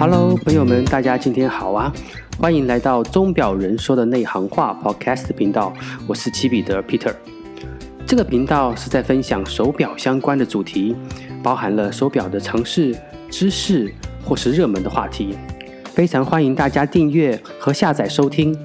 Hello，朋友們，大家今天好啊！歡迎來到鐘錶人說的內行話 Podcast 頻道，我是齊彼得 Peter。這個頻道是在分享手錶相關的主題，包含了手錶的常識、知識或是熱門的話題。非常歡迎大家訂閱和下載收聽。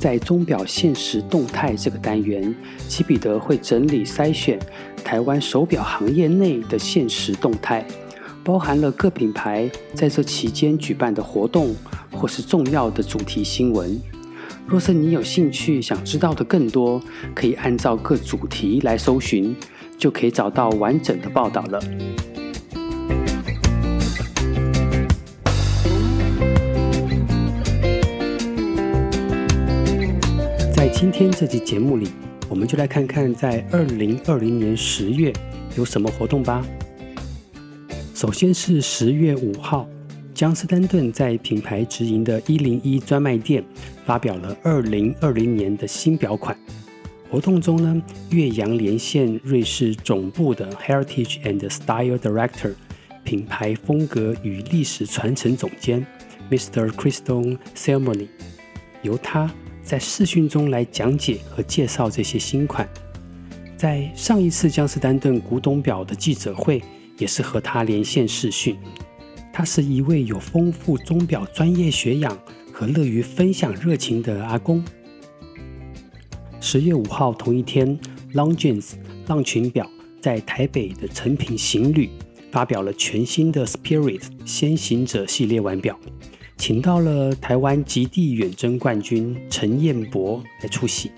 在鐘錶限時動態這個單元，齊彼得會整理篩選台灣手錶行業內的限時動態。包含了各品牌在這期間舉辦的活動，或是重要的主題新聞。若是你有興趣想知道的更多，可以按照各主題來搜尋，就可以找到完整的報道了。在今天這期節目裡，我們就來看看在二零二零年十月有什麼活動吧。首先是十月五號，江詩丹頓在品牌直營的101專賣店發表了2020年的新錶款。活動中呢，岳陽連線瑞士總部的 Heritage and Style Director 品牌風格與歷史傳承總監 Mr. Christian Selmoni 由他在視訊中來講解和介紹這些新款。在上一次江詩丹頓古董錶的記者會。也是和他連線視訊，他是一位有豐富鐘表專業學養和樂於分享熱情的阿公。十月五號同一天，Longines 浪琴表在台北的誠品行旅发表了全新的 Spirit 先行者系列腕表，請到了台灣極地遠征冠,冠軍陳彥博來出席。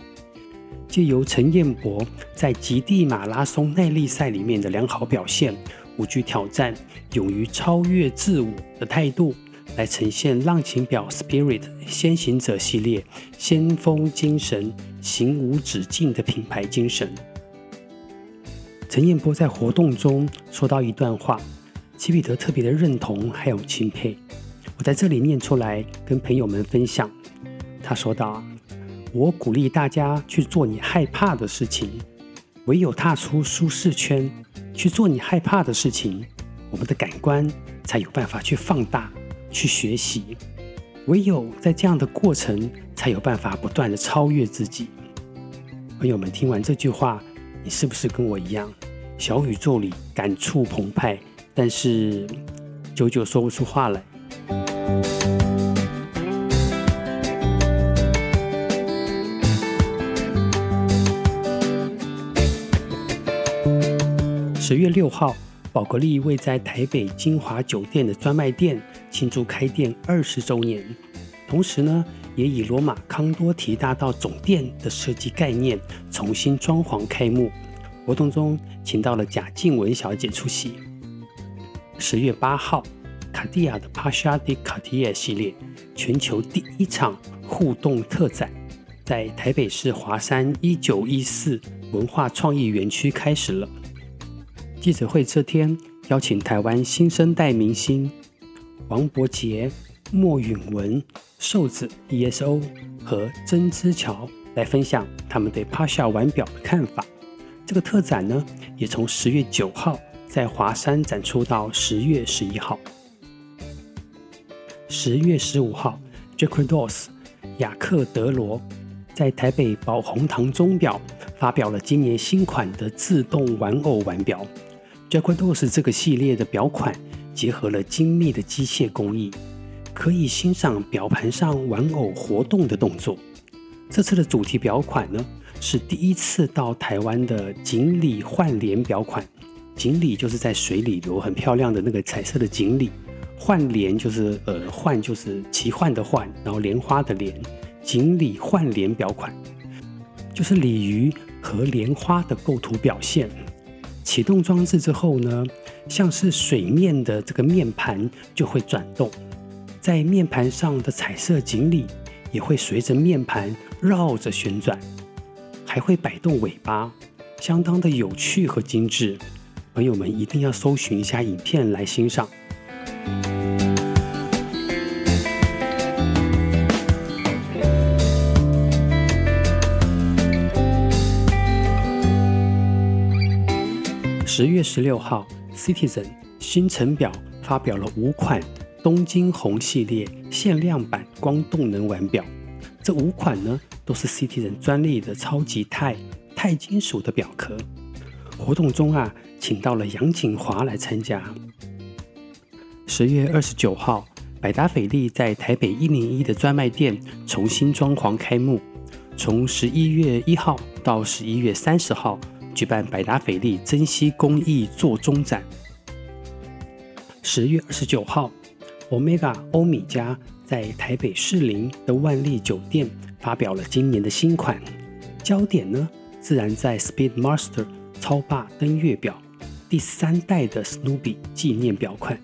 借由陳彥博在極地馬拉松耐力賽裡面的良好表現。無懼挑戰、勇於超越自我的態度，來呈現浪琴表 Spirit 先行者系列先鋒精神、行無止境的品牌精神。陳彥波在活動中說到一段話，齊彼得特別的認同還有欽佩，我在這裡念出來跟朋友們分享。他說道：“我鼓勵大家去做你害怕的事情，唯有踏出舒適圈。”去做你害怕的事情，我們的感官才有辦法去放大、去學習。唯有在這樣的過程，才有辦法不斷的超越自己。朋友們，聽完這句話，你是不是跟我一樣，小宇宙裡感觸澎湃，但是久久說不出話來？十月六號，寶格麗為在台北金華酒店的專賣店慶祝開店二十週年，同時呢，也以羅馬康多提大道總店的設計概念重新裝潢開幕。活動中請到了賈靜雯小姐出席。十月八號，卡地亞的帕莎迪卡地亞系列全球第一場互動特展，在台北市華山一九一四文化創意園區開始了。記者會這天，邀請台灣新生代明星王柏傑、莫允文、瘦子、E.S.O 和曾之喬來分享他們對帕夏腕錶的看法。這個特展呢，也從十月九號在華山展出到十月十一號。十月十五號，Jaquet Droz 雅克德羅在台北寶鴻堂鐘表發表了今年新款的自動玩偶腕錶。Jaquet Droz 這個系列的錶款結合了精密的機械工藝，可以欣賞錶盤上玩偶活動的動作。這次的主題錶款呢，是第一次到台灣的錦鯉幻蓮錶款。錦鯉就是在水裡游很漂亮的那個彩色的錦鯉，幻蓮就是呃幻就是奇幻的幻，然後蓮花的蓮，錦鯉幻蓮錶款就是鯉魚和蓮花的構圖表現。啟動裝置之後呢，像是水面的這個面盤就會轉動，在面盤上的彩色錦鯉也會隨着面盤繞着旋轉，還會擺動尾巴，相當的有趣和精緻。朋友們一定要搜尋一下影片來欣賞。十月十六號，Citizen 星辰表發表了五款東京紅系列限量版光動能腕表。這五款呢，都是 Citizen 專利的超級鈦鈦金屬的表殼。活動中啊，請到了楊景華來參加。十月二十九號，百達翡麗在台北一零一的專賣店重新裝潢開幕，從十一月一號到十一月三十號。舉辦百達翡麗珍稀工藝座鐘展。十月二十九號，Omega 歐米茄在台北士林的萬麗酒店发表了今年的新款，焦點呢自然在 Speedmaster 超霸登月表第三代的 Snoopy 紀念表款，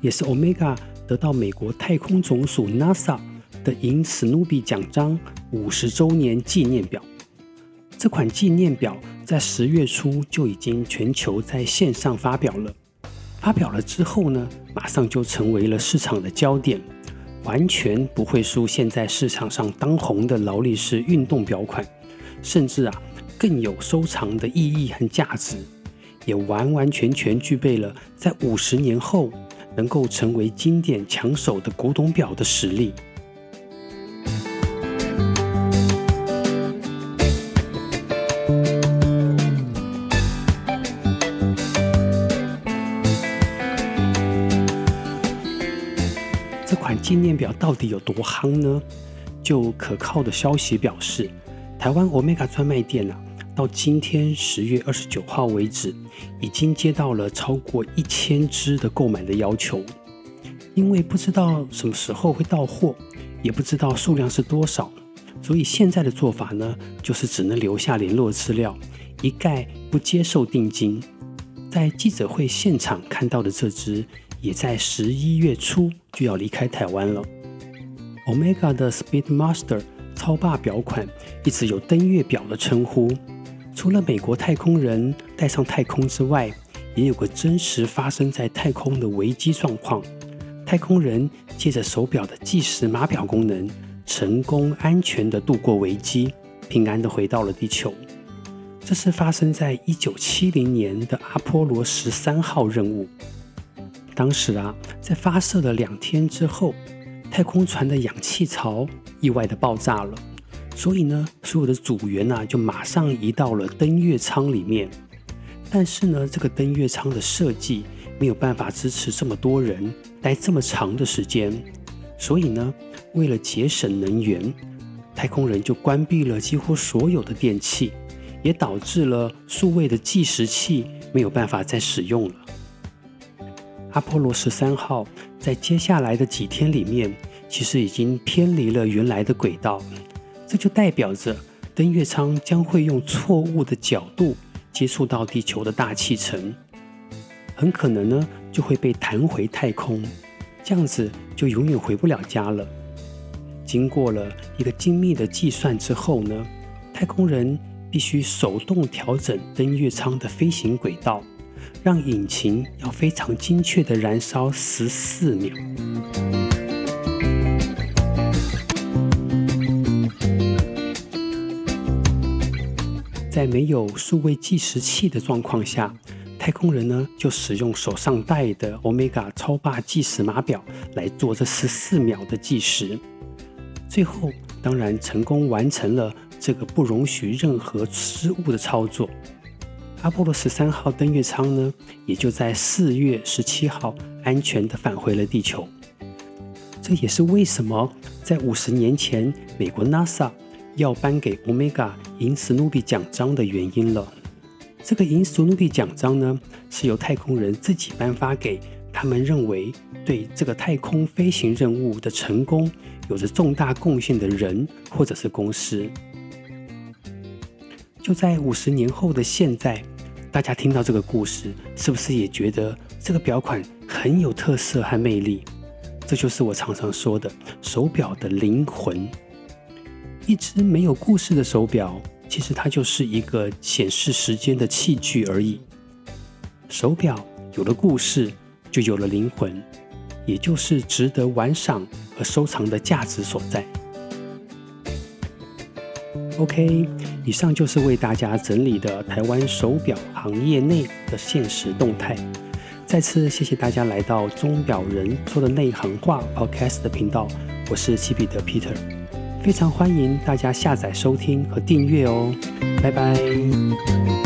也是 Omega 得到美國太空總署 NASA 的銀 Snoopy 獎章五十周年紀念表，這款紀念表。在十月初就已經全球在線上發表了，發表了之後呢，馬上就成為了市場的焦點，完全不會輸現在市場上當紅的勞力士運動表款，甚至啊更有收藏的意義和價值，也完完全全具備了在五十年後能夠成為經典搶手的古董表的實力。紀念錶到底有多夯呢？就可靠的消息表示，台灣歐米茄專賣店吶、啊，到今天十月二十九號為止，已經接到了超過一千支的購買的要求。因為不知道什麼時候會到貨，也不知道數量是多少，所以現在的做法呢，就是只能留下聯絡資料，一概不接受定金。在記者會現場看到的這隻。也在十一月初就要離開台灣了。Omega 的 Speedmaster 超霸錶款一直有登月錶的稱呼。除了美國太空人帶上太空之外，也有個真實發生在太空的危機狀況。太空人借着手錶的計時碼錶功能，成功安全地度過危機，平安地回到了地球。這是發生在一九七零年的阿波羅十三號任務。當時啊，在發射了兩天之後，太空船的氧氣槽意外的爆炸了，所以呢，所有的組員呢、啊、就馬上移到了登月艙裡面。但是呢，這個登月艙的設計沒有辦法支持這麼多人待這麼長的時間，所以呢，為了節省能源，太空人就關閉了幾乎所有的電器，也導致了數位的計時器沒有辦法再使用了。阿波羅十三號在接下來的幾天裡面，其實已經偏離了原來的軌道，這就代表着登月艙將會用錯誤的角度接觸到地球的大氣層，很可能呢，就會被彈回太空，這樣子就永遠回不了家了。經過了一個精密的計算之後呢，太空人必須手動調整登月艙的飛行軌道。讓引擎要非常精確地燃燒十四秒，在沒有數位計時器的狀況下，太空人呢就使用手上戴的歐米伽超霸計時碼錶來做這十四秒的計時，最後當然成功完成了這個不容許任何失誤的操作。阿波羅十三號登月艙呢，也就在四月十七號安全的返回了地球。這也是為什麼在五十年前，美國 NASA 要頒給 Omega 銀 Snoopy 獎章的原因了。這個銀 Snoopy 獎章呢，是由太空人自己頒發給他們認為對這個太空飛行任務的成功有着重大貢獻的人或者是公司。就在五十年後的現在。大家聽到這個故事，是不是也覺得這個錶款很有特色和魅力？這就是我常常說的，手錶的靈魂。一隻沒有故事的手錶，其實它就是一個顯示時間的器具而已。手錶有了故事，就有了靈魂，也就是值得玩賞和收藏的價值所在。OK，以上就是為大家整理的台灣手表行業內的限時動態。再次謝謝大家來到鐘錶人說的內行話 Podcast 的頻道，我是齊彼得 Peter，非常歡迎大家下載收聽和訂閱哦，拜拜。